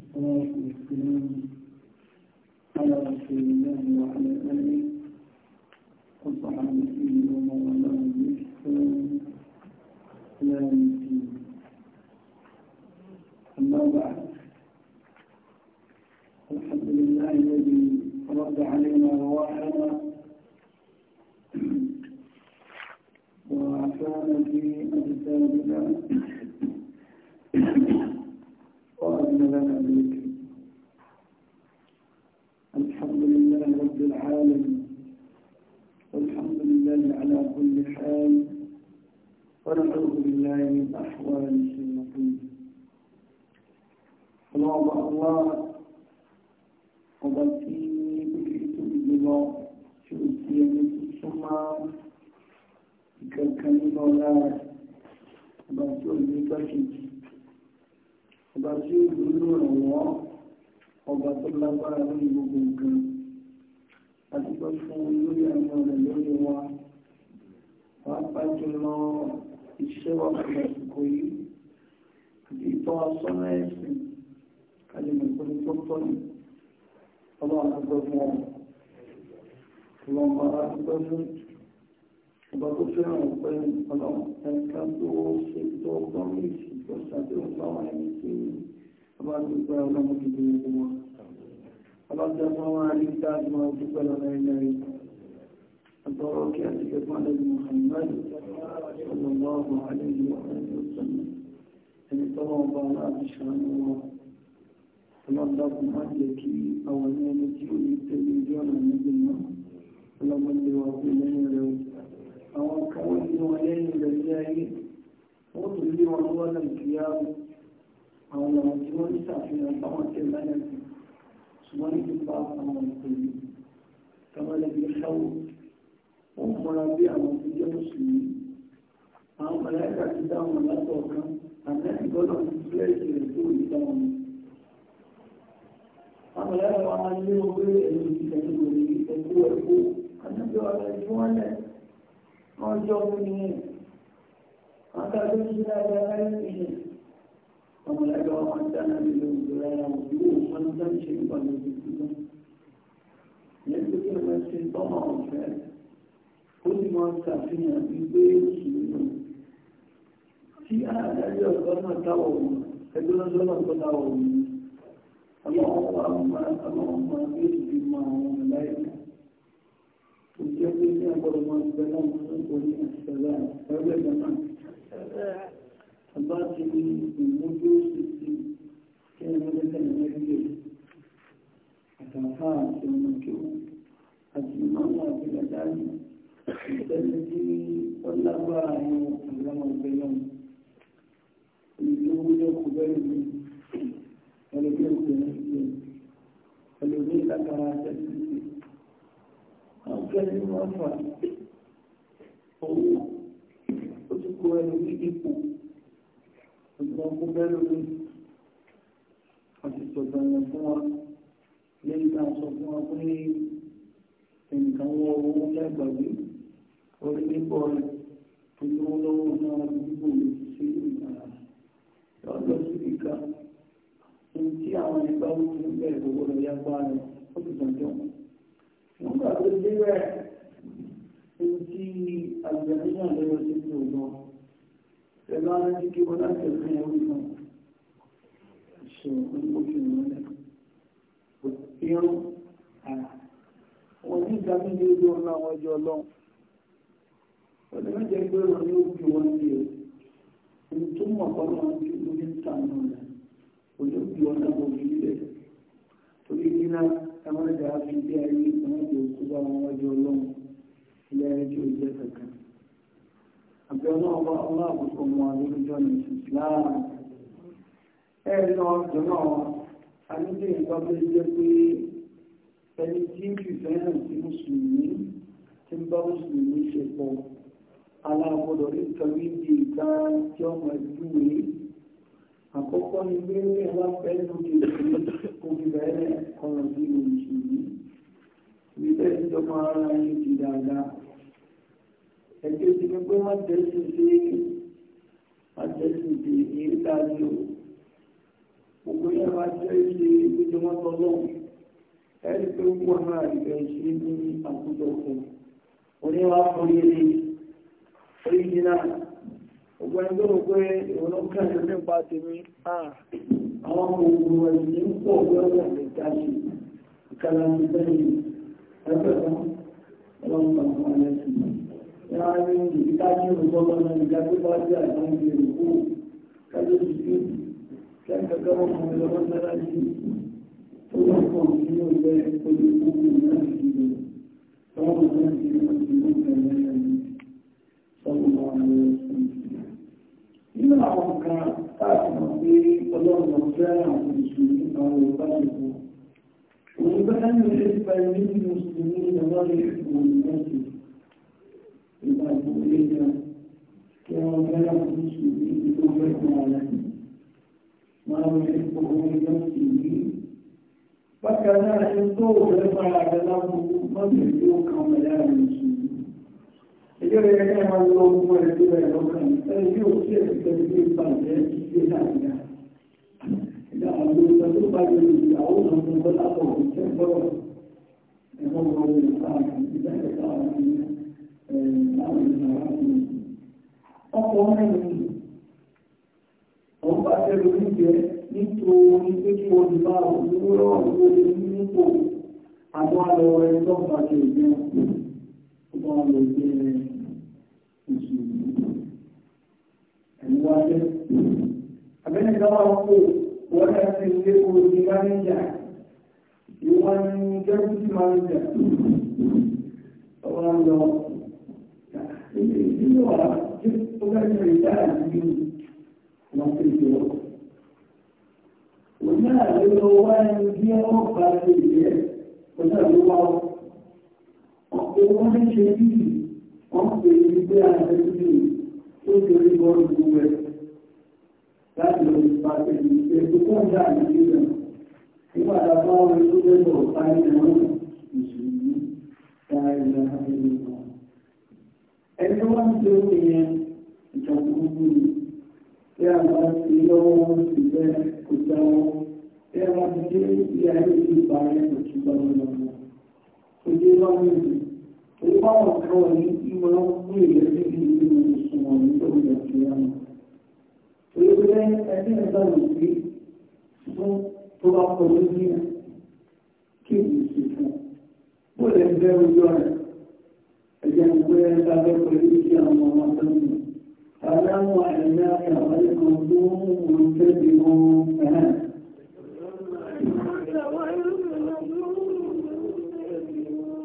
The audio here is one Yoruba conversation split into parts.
والصلاة والسلام على رسول الله وعلى آله وصحبه ومن والاه بإحسان إلى يوم الدين أما بعد الحمد لله الذي رد علينا رواحنا وعافانا في أجسادنا وأذن لنا الأحكام ونعوذ بالله من أحوال الشياطين اللهم الله وبكي بكيت بالله شو سيادتي سمع كالكن مولاي وبكي بكيت وبكي بنور الله وبكي الله بارك بكم أتبقى فون لي أمور لي pàápàá jùlọ iṣẹ́ wà fún àsìkò yìí àti ìtọ́ asọ́nà ẹ̀sìn kálẹ̀mọ̀ ìpínlẹ̀ tó tọ́nà ọlọ́run àgbẹ̀ fún ọ ọlọ́run àgbẹ̀ fún ọba tó fẹ́ràn ọ̀pẹ́ ọlọ́run ẹ̀ka tó ṣe tó gbọ́mí ìṣèjọ́ ṣàdéhùn báwọn ẹni tí ọba tó pẹ́ ọlọ́run ti dé owó wọn ọlọ́jọ́ fún wọn dúpẹ́ lọ́nà ẹ̀yìn البركات على محمد صلى الله عليه وآله وسلم ẹni tọ́wọ́ ọba láti ṣàánú wọn ọlọ́dàkùn má jẹ́ kí àwọn ní ẹni tí ó ní tẹ́lẹ̀ ìjọ ọ̀nà níbi náà ọlọ́mọdé wa kú lẹ́yìn rẹ̀ o àwọn káwọ́ ní wọn lẹ́yìn rẹ̀ ní ayé wọ́n tún lé wọn lọ́wọ́ náà kíá àwọn ọ̀nà tí wọ́n ní ṣàfihàn báwọn tẹ̀ lálẹ́ ṣùgbọ́n ní ti pa àwọn ìpèlè kàwọn lè fi ṣáwó ó múra bí àwọn tó mùsùlùmí àwọn mọ̀lẹ́kà ti dá wọn látọ̀ọ̀kan àtẹ́sí gbọ́dọ̀ ti sílẹ̀ ìṣẹ̀lẹ̀ tó yìí dá wọn. àwọn mọ̀lẹ́kà wa máa lé ogbé ẹ̀yìn ìṣẹ̀lẹ̀ lórí ẹ̀kú ẹ̀kú àtẹ́sí ọ̀rọ̀ ẹ̀jú wọn lẹ̀ wọ́n jọ mú ni wọ́n ká ló ti dáadáa láyé nìyẹn. àwọn mọ̀lẹ́kà wa máa dáná nínú ìgbéra àwọn òbí ìṣẹ̀lẹ̀ pàdé ìdí ó sì máa ṣàfihàn wípé ìṣòro tí àdájọ́ ọ̀gọ́nà táwọ̀ òun ẹgbẹ́ lọ́sọ́nà tó táwọ̀ òun ọlọ́run wa máa ọlọ́run máa bí ó ti mọ àwọn ọmọ láì kò jẹ́ pé ní ọgbọ́dọ̀ máa gbẹ náà mú ní orí ìṣẹ̀lẹ̀ ẹgbẹ́ ìjọba ọba ti ní ìmúdó sí sí kí ẹni ọdún tẹ̀lé ẹgbẹ́ àtàfà àti ọmọ kéwù àti ìmọ̀ àwọn àti ìdájọ́ ẹni tí ó lágbára ní ìlànà ìgbẹ́ náà èyí tó wúlò kò bẹ́ẹ̀ ni ẹni tí ó pè ní ìgbẹ́ ẹni tí ó lágbára tẹ́sí sí àwọn kẹ́lí máa fà owó ó ti kó ẹni ní orí pípọ̀ ìlúwọ́lọ́wọ́ náà gbogbo sí ìgbàlá lọ́dọ̀ sí ìka ohun tí àwọn ìgbà ó ti ń bẹ̀rẹ̀ gbogbo rẹ̀ yá gbá rẹ̀ ó sì jọjọ́ nígbà tó dé rẹ̀ ohun tí àgbẹ̀rẹ̀ náà sí ti ògbọ́n pẹ̀lú àwọn tí kí wọ́n láti ẹ̀sìn ẹ̀rọ ìgbọ̀n ṣe òun ó fi ìrìn lẹ̀ irun àwọn onígbàmílẹ̀ ojú ọ̀nà àwọn ẹjọ́ ọlọ́run ọ̀dọ́ méje pé wọn ni ó bí wọn sí o ohun tó mọ̀ pọ́nà tí ó ní sànù rẹ̀ òjò bí wọn náà wọ́n fi lẹ̀ torí nílá táwọn ẹ̀dá fi dé ayé ìpínlẹ̀ tó kú bá wọn wájú ọlọ́run ilé ayé tí ó jẹ́ kankan. àbí ọlọ́run bá ọlọ́run àkókò mọ́ àlejò ní ìsìláàmù ẹ̀rí náà jọ náà àníjẹ́ ìgbàgbé jẹ́ pé ẹni tí ń fìfẹ́ hàn sí mùsùlùmí tí ń bá mùsùlùmí ṣe pọ̀ aláàbọ̀dọ̀ ní nǹkan méjì ìta tí ọmọ ìjúwe àkọ́kọ́ ni pé ní ẹ̀wá fẹ́ lókè òkè bẹ̀rẹ̀ ọ̀rọ̀ sí òjì yìí nílẹ̀ ìjọba ara ẹni ti dáadáa ẹgbẹ́ ti ní pé má jẹ́sùn sí má jẹ́sùn sí èyí tá a lò gbogbo yẹn má jẹ́ ṣe ìjọba tọ́lọ́wọ́ ẹni pé wọ́n máa ìbẹ̀ ṣe ní àkójọpọ̀ oníwàá fún yẹn lẹ́yìn. orí yìí náà ogun ẹgbẹ́ rò pé ìwọ̀n lọ́kàn ẹ̀rọ nípa tèmi àwọn ogun ẹ̀sìn ń pọ̀ lọ́wọ́ ìta sí ìkàlà ní bẹ́ẹ̀ ẹgbẹ́ kan ọlọ́run nínú àwọn nǹkan káàkiri mọ̀ pé ọlọ́run fẹ́ àwọn mùsùlùmí àwọn ìbáṣepọ̀ òun bá ń lè pa ilé mùsùlùmí ìjọwọ́lẹ̀ ìfún ìrẹsì ìgbà tó lé ga kí wọ́n fẹ́ àwọn mùsùlùmí ìjọ fẹ́ fún ara máa ń lè pọ̀ owó ìrẹsì yìí bákan náà ẹni tó rẹ̀ fara rẹ̀ lábúrú mọ́bìnrin tó kàn mọ́ láàrin 这个人干嘛都不会这个都看，但是又确实跟对方人对上一样。你看，我们这都把这个老农民和大伙全都，然后我们上一代的大人，嗯，大人大人，包括那个，我们把这个理解，你做你最起码你把我们这个这个民族，把多少人都把这个，多少人。Uguale. Avete trovato buona sente con di mangia. Io mangio di mangia. Quando io ho detto che in realtà non credo. Una loro vanno dietro a fare di te. Cosa loro ho? Ho come c'è di wọ́n pè ní máa ń kú èyí sí ibi ìṣòwò nígbà ìgbà tí a mọ̀. Torí pé ẹni ẹ̀dá lè fi fún tó bá kọ lójú yẹn kí èyí sì fún. Bó lè bẹ́ ojú rẹ̀? Ẹ̀jẹ̀ ń gbé ẹ̀dá bẹ́ pẹ̀lú kí àwọn ọmọ tó ń lò. Àdáhùn àìyá ìyàwó ẹ̀kọ́ tó ń mú un tẹ́lẹ̀ wọn ẹ̀hẹ́n.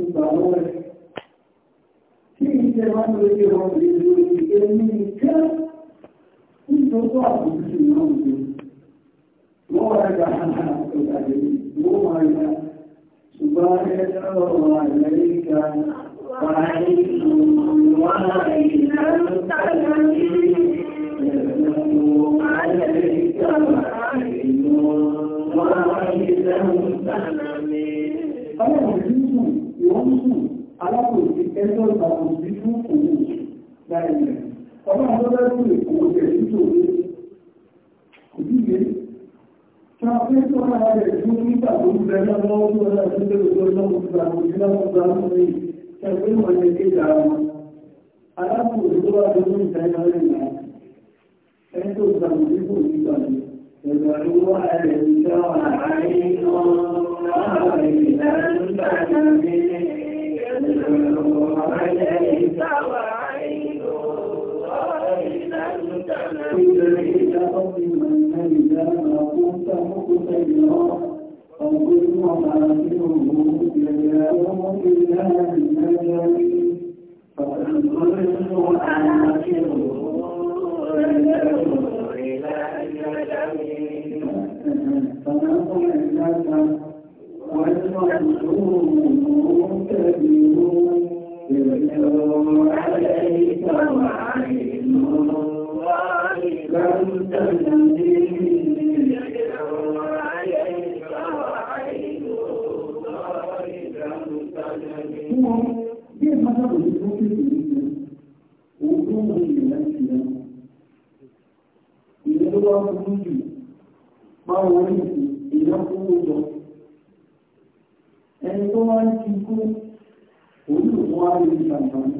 ti gbà lọ́wọ́ ẹ̀. Kí ni ṣe máa ń lórí ọ̀rọ̀ ìlú ẹni ìkẹ́ nítorí àbúrú náà wù. Wọ́n wá ẹ̀dá ọ̀gá ìlú, wọ́n wá ẹ̀dá ṣùgbọ́n ẹ̀dá ọ̀rọ̀ àìlẹ́ríkà Thank you ìwọ́nsù alákòóso ẹjọ́ ìtàkùn sí fún òun láìpẹ́ ọba àtọ́lá tó lè kó ọjọ́ ìtò rẹ̀ òdíje ṣàpẹ́sọ ara rẹ̀ tó nígbà tó ń bẹ lọ́wọ́ tó ọjọ́ tó lè kó ọjọ́ ìtàkùn sí lọ́wọ́ tó ń bẹ ṣàpẹ́ wọn lè ké dára wọn alákòóso tó wà tó ń bẹ lọ́wọ́ ẹni tó ìtàkùn sí kò ní ìgbà تدعو أنت وعين الله للأنبياء يدعو عليك وعين الله للأنبياء إذا أظلم إذا كنت مقتدرا فكل محاسنه جزاؤه إلا النجم فأنظر آخره فنقل لك والمحروم كبير يدعو عليك وعين الله لم تنزل يدعو عليك وعين الله لم تنزل Dia mana boleh mungkin ini? Untuk mengingat dia. Ini adalah menuju. Mau ini ẹni tó máa ń ti kú olùkọ́ á lè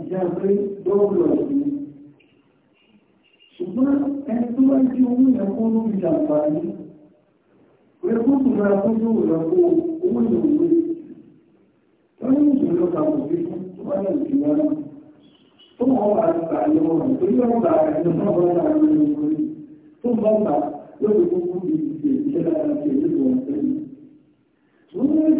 jẹ́ pé lọ́wọ́ ẹ̀sìn ṣùgbọ́n ẹni tó bá jí owó yẹn ló fi ṣàǹfààní pé kó kù kó tó wò lọ́kọ́ owó yẹn òwe ní ìṣòro lọ́ta sí fún tó bá yẹ̀ sí wọn tó wọ́n wà gbà yọ ọ̀rọ̀ tó yọ̀ gbà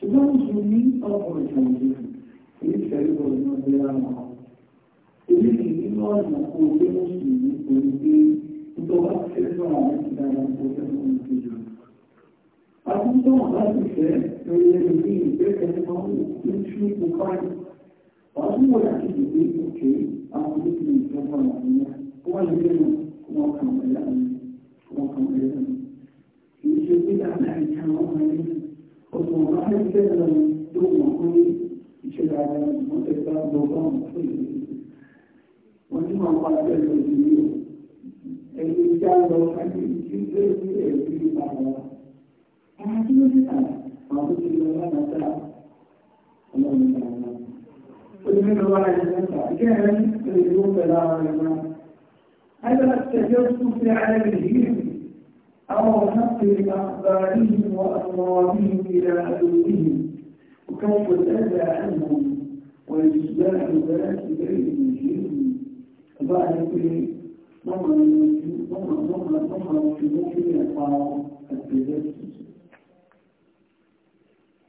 ṣùgbọ́n mùsùlùmí ọkùnrin ṣàǹjẹ́ èyí ṣẹ̀rí bọ̀ o gbé mùsùlùmí pẹ̀lú pé nítorí wọn fẹ́ fún àwọn ti dára kó fẹ́ fún mi kejì àtúntò wọn láti fẹ́ lórí ẹni bí ìgbẹ́kẹ̀lé máa ń wò ní ṣú ipò fáyì wàá fẹ́ràn ló mọ̀ pé ìṣẹ̀lẹ̀ ara wọn tẹ̀ bá lọ bá wọn fún ìlú. Wọ́n ní wọn pa bẹ́ẹ̀ lọ sí ilé o. ìjà lọ kájí tí ó gbé sí ẹ̀rí ìpàdà. Àwọn tí ó ti tà àwọn tó ti lọ lánàá tà ọlọ́run tà wọn. Ó ti mẹ́lọ wá ẹni mẹ́ta. Ìjẹ́ ẹ̀rẹ́ ní ìlú pẹ̀lú àwọn ẹ̀rọ náà. Ayọ̀lá tẹ̀lé ó tún fi ara rẹ̀ yìí أو نقل أخبارهم وأموالهم إلى عدوهم وكيف الأذى عنهم وإصلاح ذات بين الجن ذلك ضمن ضمن ضمن ضمن في ممكن يقع التجسس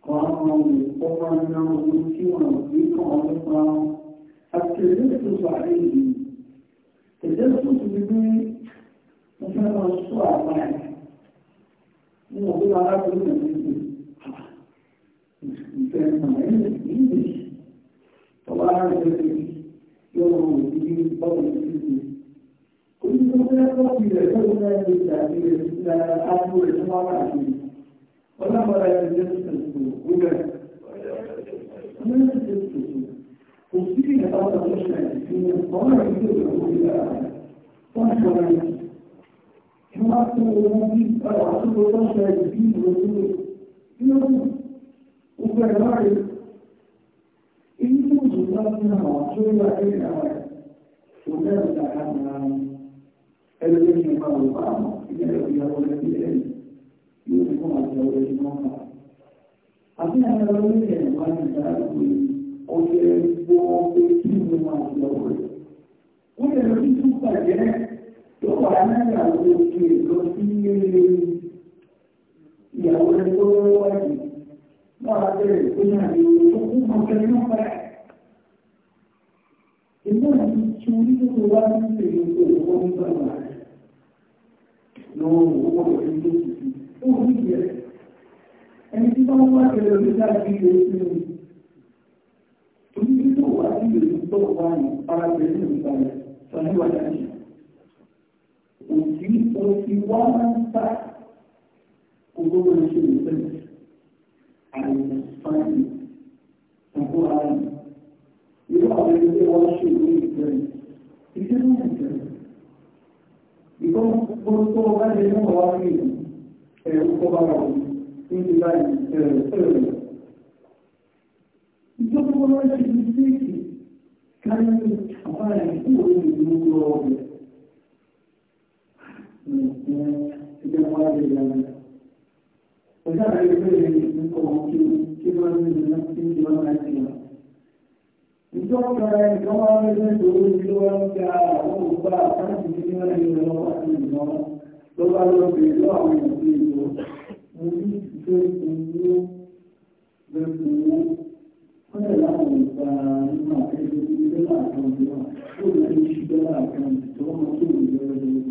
قاموا بالقرآن والملك وربكم ورفعوا التجسس عليه تجسس بما مثل الصعب عليه ní ọdún arákùnrin náà ní ìlú ìfẹ́ màáyé ìlú tọ́wọ́ arákùnrin yóò rọrùn ní bọ́ọ̀lù ìlú kò ti sọ̀tò gbúgbẹ̀ sí ìyàtọ̀ ọ̀sẹ̀ ìfìyàn ọ̀rọ̀ ìlú ìlú ìlú mo máa fún owó bí ọ̀rọ̀ àtúntò tó ń ṣẹlẹ̀ bí ìwé nílò kí ló kù gbogbo ẹ̀ náà rè èyí tó ń sùn bá fún àwọn tó ń wá ẹ̀rí àwọn ẹ̀ kò bẹ́ẹ̀ ní àká mi rárá tó wà lára àwọn òkè lọ sí ìyàwó rẹ tó wáyé náà wá bẹ̀rẹ̀ pé náà ní ogún ọ̀kẹ́ náà padà. Ìgbà tí tí orí tó wá ní ìrìn tó wọ́n ń bá wà rẹ̀ lọ́wọ́ owó rẹ̀ tó ti fi ó ní ìyẹ̀rẹ̀. Ẹni tí wọ́n wá bẹ̀rẹ̀ orí láti ilé sí mi. Torí tí tó wà sí ìrìn tó wà ní ara bẹ̀rẹ̀ nípa rẹ̀ sọ níwájú àjẹ́ tó fi wá máa ń ta owó máa ṣe ìfẹ́ àìsàn fáìlì àbó ara irú àwọn ẹgbẹ́ wọn ṣe ìwé ìfẹ́ ìfẹ́ náà ìfẹ́ ìfọ́ gbogbo tó bá lè mú wa rí ẹ̀rù tó bá wà ní ti báyìí ẹ̀rù ẹ̀rù ìjọba wọn ṣe ìfẹ́ ìfẹ́ káyọ̀ àwọn àìsàn òun ìlú rọrùn ẹgbẹ́ wọn lè yà lọ. ọjọ́ àgbà yìí bẹ̀rẹ̀ ní ọmọ kí kí wọ́n ní ìlú náà kí wọ́n máa ti lọ. ìjọ kan ẹ̀kan wọn lè lè tó orí tí wọ́n ń ga àwọn òkúta àkáǹtì tí wọ́n lè lọ lọ́wọ́ àti ìlú ló bá lọ bèèrè lọ́wọ́ àwọn ìlú ìlú mo ní ìfẹ́ ìlú lẹ́kùn owó wọ́n lè láwọn ìgbà nínú àtẹ́gbẹ́ ìdílé láàárín ọdún náà ó lè ṣiṣẹ́ láàárín ìtọ́wọ́n tó lè lọ́wọ́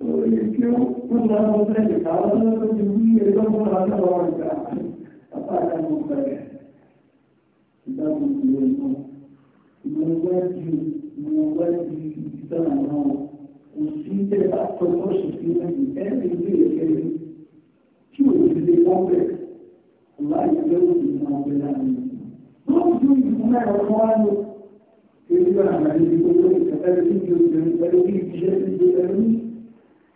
eu não outra de casa, eu dizia, eu vou morar na hora de casa, apagar meu pé. Então, meu irmão, não é de, não é de dar não. O síntese da proposta que é viver aquele que o viver compra lá e Deus não verá. Todo mundo que não é o ele vai na vida ẹ̀rọ tí mi ò bẹ̀rẹ̀ pẹ̀lú bí ìṣẹ́ ti ṣe ẹ̀rọ ní.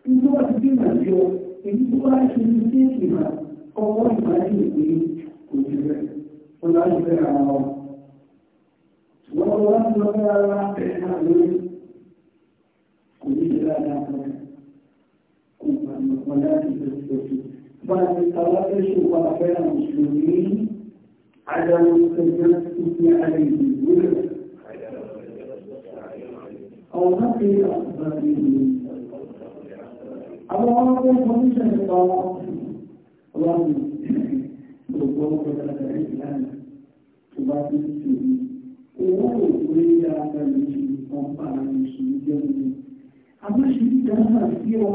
Nígbà wá ti bí màjọ, èyí tó wá ṣe ní sí ìmọ̀ ọwọ́ ìmájì ìpè kò jù rẹ̀. Ó lá jù rẹ̀ ara wa. Ṣùgbọ́n wọ́n wá ti lọ fẹ́ ara rẹ̀ náà lórí. Kò ní ṣe láàárín àwọn rẹ̀. Kò gbà ní ọ̀pọ̀ láti bẹ̀rẹ̀ pẹ̀lú. Bá a ti ta wá fẹ́ ṣe wà fẹ́ àwọn ìṣòro ní àjọ ìṣẹ́jọ́ ìpín àlejò ìwúrẹ̀ أو نقي أسبابه الله أكبر فمن شهد الله gbogbo ọ̀pọ̀lọpọ̀ ìlànà tó bá ti ṣe owó òkúrẹ́ yára lè ṣe ọ̀pá àìsùn jẹ́ omi. àmọ́ṣe dáná sí ọ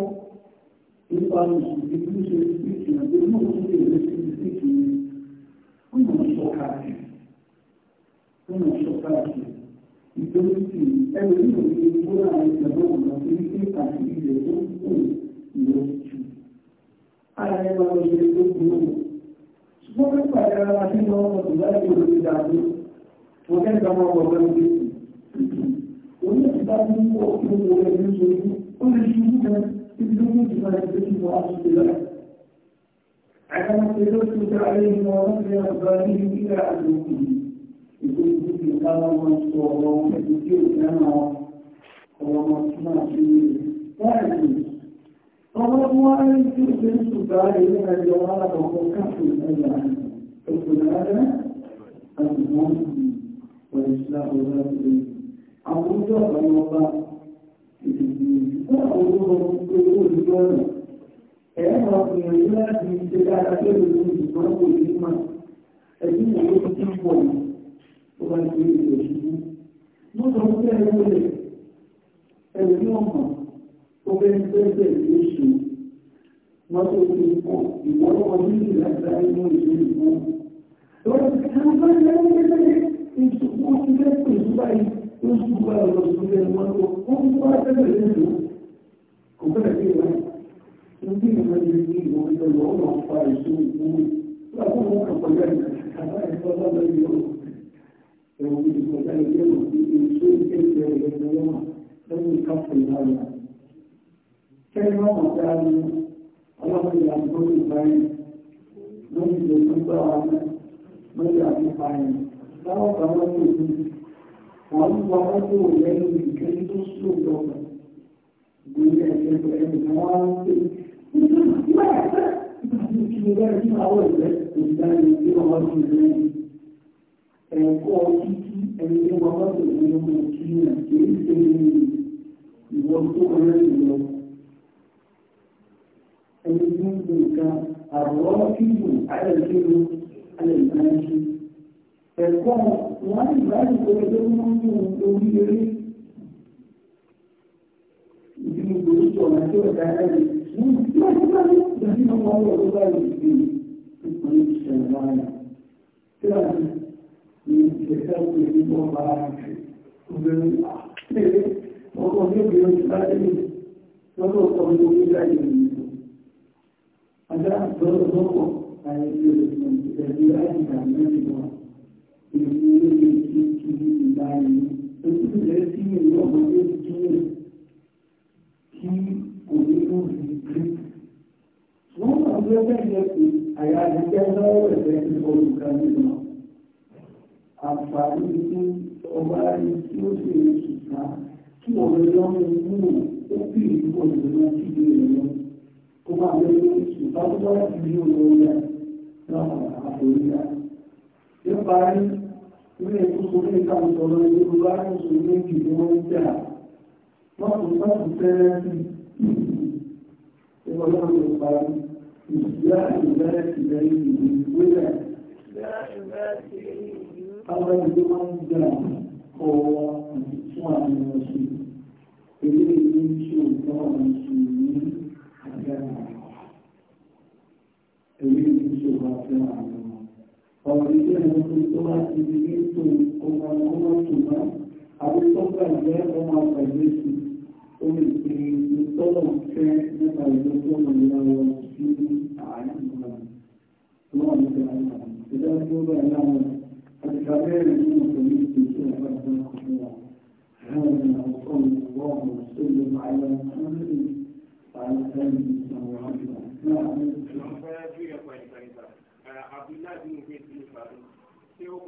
nípa oṣù tí ó ṣe sí ìṣẹ̀lẹ̀ tó mọ̀ tó lè lè ṣe sí ìṣẹ̀lẹ̀ ó mọ̀ ṣọ́kàkì ó mọ̀ ṣọ́kàkì nítorí sí ẹgbẹ́ nínú ní ìgbóná àwọn ìjọba ọ̀gá tó ní pé àti ilẹ̀ tó ń kó ìlọ jù. ara ẹni máa lọ ṣe tó burú. ṣùgbọ́n pípa ẹ̀rọ ara tí wọ́n mọ̀ tó láti ìlú ti dàgbé wọ́n fẹ́ gba ọmọ ọ̀gá ń gbé. òun yóò ti bá ní kó kí ó wọlé ní oṣooṣù ó lè ṣe ìlú kan ibi tó ní ìjìnlẹ̀ ẹgbẹ́ tí wọ́n á tún ṣe lọ́la. àyàmọ̀ pé ló ti ìlú ìlú ti ká lọ́wọ́ sọ ọ̀rọ̀ ẹni tí ò fẹ́ràn ọ̀rọ̀ ọmọ tí máa fi láìsí ọmọ tí wọ́n rí tí ó ṣe ń ṣùgbà ilé ẹjọ́ alábọ̀kọ́ káàkiri ẹ̀yà òkùnrin adẹ́ àti wọ́n pẹ̀lú ìṣúná ọ̀rọ̀ ẹ̀jẹ̀ àwọn ojú ọ̀pọ̀ ni wọ́n bá ìdìbò ìgbà olóró owó ìlú ọ̀nà ẹ̀yà máa gbìyànjú láti ṣe dáadáa pẹ̀lú ìṣúná òkùnrin mà ẹ̀dínwó ló ti ń pọ̀ yìí tó bá ti rí ìlú ṣubú wọ́n sọ pé ẹ̀rọ lè ẹ̀rọ ní ọkàn tó bẹ́ ń bẹ́ẹ̀ ní ṣù wọ́n tó ti kọ́ ìwọ́lọ́wọ́ ní ìlàjà inú ìlú ìlú lọ́wọ́ ti ká bá lẹ́wọ́ lẹ́lẹ́ ìṣubú ti fẹ́ pè sí báyìí ó ṣubú ẹ̀rọ ṣubú ẹ̀rọ wọn tó wọ́n tó bá tẹ́lẹ̀ lẹ́nu kò bẹ́ẹ̀ sí ìwà níbi ìwádìí ní ìwọ̀n ìjọba ọ̀nà ọ̀pá ìṣòwò ìwọ̀n يوم يكون يوم يسوي كيف يوم لم يكفر هذا كلمة قال الله يعبد البين من يسوع عنه من يعبد البين لا قرار والله إليه كي تصدق بلا كيف إنسان ما يعرف ما يعرف ما هو الإنسان يجيب الله ẹ̀kọ́ títí ẹni tó wọ́n bọ́ọ̀lù ní ọmọ ìkíyà kìí ṣe ìwọ́n tó wọlé ìlọ. ẹni tó ń gbé nǹkan àwọ̀ kíkù ayẹ̀kẹ́lú ayẹ̀kẹ́lú. ẹ̀kọ́ wọn á ìgbà ìgbòho tó ń mú ní orí eré. ìdí mi kò tó ọ̀nà tó ọ̀dà ẹ̀rẹ̀ ní ìgbà tó bá ní ìgbà tí wọ́n wọ́n wọ́n lọ́wọ́ ìgbè ìpínlẹ̀ ìṣẹ̀lẹ̀ e questão de bombarde, governo não conseguiu prioridade nisso. Não gostamos do que já nisso. Mas já todos vão a esse verdade da mesma e que dignidade. Eu tudo esse melhor modelo de que o livro de Vamos fazer até aqui. Aí a gente quer dar o exemplo do caminho, não. àǹfààní tí ọba rí tí ó sì rí ṣùgbọ́n kí ọ̀rọ̀ lọ́mọ inú ó bí ìdúgbò ìdúró sí ilé ìlú tó bá lórí ṣùgbọ́n tó bá ti rí olórí rẹ̀ lọ́wọ́ àtòrí rẹ̀. nípa rí ilé ìtúkọ ní ìta ìsọ̀rọ̀ ilé olùkọ́ àkóso ilé ìdìbò wọn ń jà wọ́n kò sọ́ọ̀tù fẹ́rẹ́ sí ìwọlọ́run ìparí ìṣúra ìbẹ̀rẹ̀ ìbẹ̀rẹ̀ ìbẹ̀rẹ̀ ìbẹ̀rẹ̀ táwọn ẹni tó máa ń gbà kọ́ fún àwọn ọ̀sẹ̀ èyí lè ní ṣe òkú àwọn ọ̀sẹ̀ ní àgbàrá èyí lè ní ṣe òkú àti àwọn ọ̀rọ̀ ilé ẹ̀rọ tó wá ti di ètò ọmọ ọmọ ṣùgbọ́n àbúkọ́gbà jẹ́ ọmọ àgbàgbé sí omi ìpinnu tọ́lọ̀ fẹ́ nípa ìlú tó هذا وصلى الله وسلم على محمد وعلى اله وصحبه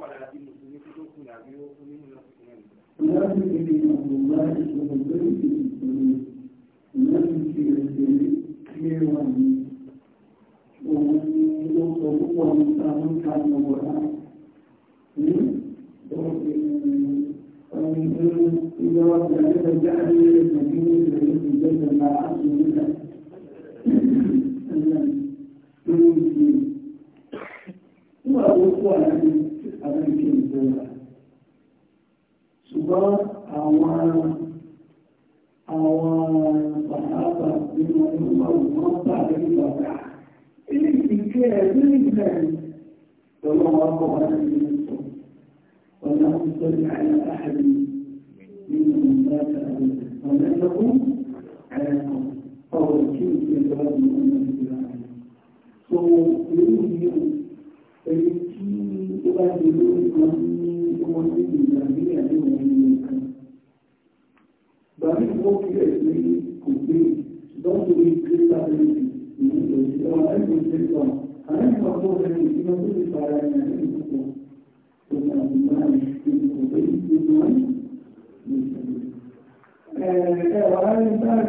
ولكن يجب ان الله يكون بيت المسلمين لم يكن خيرا ومن يوصل هو من كان مبرهنا فجعل النبي الذي جل ما عبده له هو أبوه على أبنك الزمان ṣùgbọ́n àwọn àwọn pàtàkì nínú ọdún wọn bá lórí ọ̀gá ilé ìdíkẹ́ ẹ̀rí ìgbẹ́ pẹ̀lú àwọn ọkọ̀ wọn ní ìlú ọ̀nà ìtọ́jú àyàkáàdì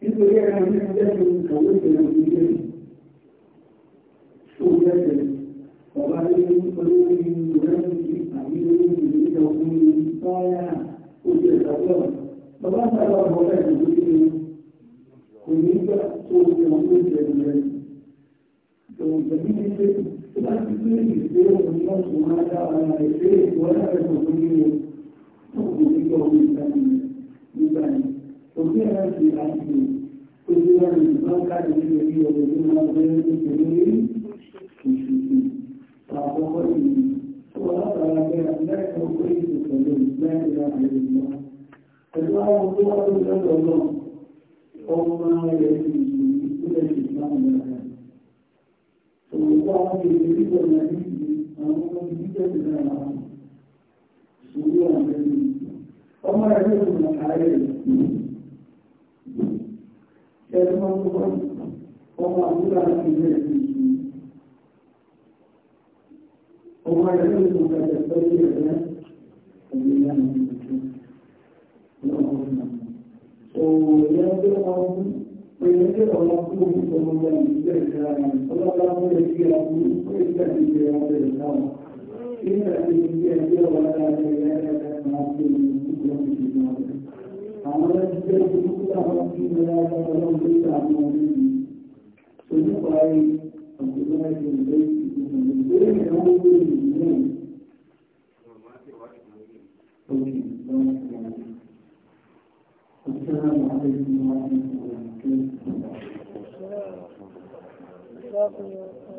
nítorí ẹ̀rọ òbí rẹ̀ ti àti òbí rẹ̀ ti bá káàdì ní ọmọ tó máa bẹ̀rẹ̀ ní ìpínlẹ̀ ìṣùkú àkọ́kọ́ yìí tó wà látara bẹ́ẹ̀ lẹ́ẹ̀kan pé ìṣẹ̀lẹ̀ lẹ́ẹ̀kan àìlèmọ́ pẹ̀lú ọmọ ẹgbẹ́ òun ààrẹ rẹ̀ ẹ̀rọ máa ń wọ́n ọmọ àdúrà láti ilé ẹ̀sìn ìṣú. ọmọ ẹ̀rọ ló ń gbà jẹ́ pé ilé ẹ̀rọ ẹ̀yẹ ìyá mi ti tó lọ́wọ́ náà. òwò ìyá ń gbé wọn mú pẹ̀lú ẹgbẹ́ ọ̀la fún omi tó ń gbà ìgbẹ́ ìgbà rẹ̀ ọlọ́lá mú ẹgbẹ́ àbú fún ìgbà ìgbẹ́ ọ̀la ìgbà wọn. Ilé ìgbà ìgbẹ́ ọ̀la ìgbà ìgbà ìgbà ìgbà ìgbà ìgbà àwọn ẹgbẹ́ ìdókòwò àwọn tí wọ́n yá lọ́wọ́ lórí àwọn ọmọ yìí tó nípa ẹ̀ ọ̀gbọ́n ẹgbẹ́ ìgbẹ́ ìgbẹ́ ìgbẹ́ ìgbẹ́ ìgbẹ́ ìgbẹ́ السلام عليكم ورحمة الله وبركاته